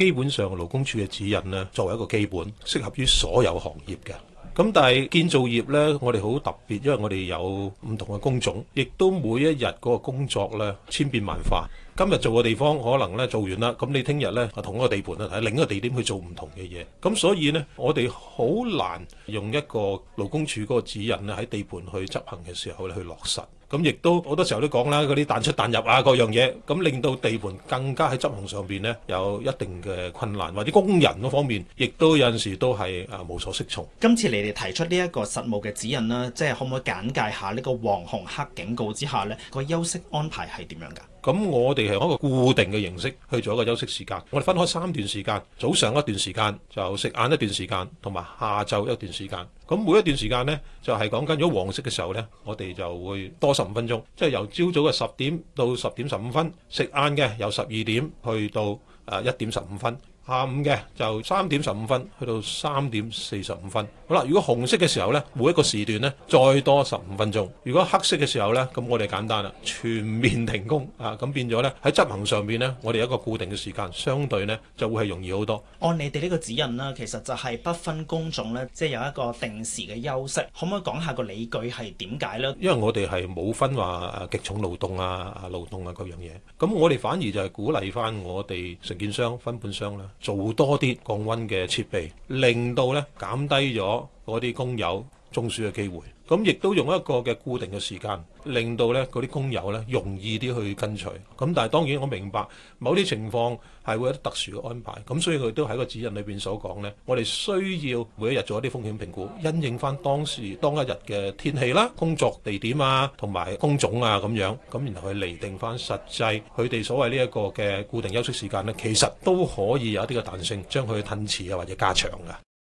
基本上勞工處嘅指引呢，作為一個基本，適合於所有行業嘅。咁但係建造業呢，我哋好特別，因為我哋有唔同嘅工種，亦都每一日嗰個工作呢，千變萬化。今日做嘅地方可能咧做完啦，咁你聽日咧同一個地盤啊，喺另一個地點去做唔同嘅嘢，咁所以呢，我哋好難用一個勞工處嗰個指引咧喺地盤去執行嘅時候咧去落實，咁亦都好多時候都講啦，嗰啲彈出彈入啊各樣嘢，咁令到地盤更加喺執行上邊呢有一定嘅困難，或者工人嗰方面亦都有陣時都係啊無所適從。今次你哋提出呢一個實務嘅指引啦，即係可唔可以簡介下呢個黃紅黑警告之下呢個休息安排係點樣噶，咁我哋。係一個固定嘅形式去做一個休息時間，我哋分開三段時間，早上一段時間，就食晏一段時間，同埋下晝一段時間。咁每一段時間呢，就係講緊，如果黃色嘅時候呢，我哋就會多十五分鐘，即係由朝早嘅十點到十點十五分，食晏嘅，由十二點去到誒一點十五分。下午嘅就三點十五分去到三點四十五分，好啦。如果紅色嘅時候呢，每一個時段呢，再多十五分鐘；如果黑色嘅時候呢，咁我哋簡單啦，全面停工啊。咁變咗呢，喺執行上面呢，我哋一個固定嘅時間，相對呢就會係容易好多。按你哋呢個指引啦，其實就係不分工種呢，即係有一個定時嘅休息。可唔可以講下個理據係點解呢？因為我哋係冇分話極重勞動啊、勞動啊各樣嘢。咁我哋反而就係鼓勵翻我哋承建商、分判商啦。做多啲降溫嘅設備，令到咧減低咗嗰啲工友中暑嘅機會，咁亦都用一個嘅固定嘅時間，令到咧嗰啲工友咧容易啲去跟隨。咁但係當然我明白某啲情況係會有啲特殊嘅安排，咁所以佢都喺個指引裏面所講呢，我哋需要每一日做一啲風險評估，因應翻當時當一日嘅天氣啦、工作地點啊、同埋工種啊咁樣，咁然後去釐定翻實際佢哋所謂呢一個嘅固定休息時間呢，其實都可以有一啲嘅彈性，將佢褪遲啊或者加長嘅啊。